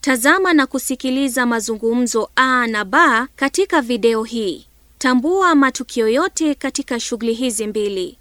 Tazama na kusikiliza mazungumzo A na B katika video hii. Tambua matukio yote katika shughuli hizi mbili.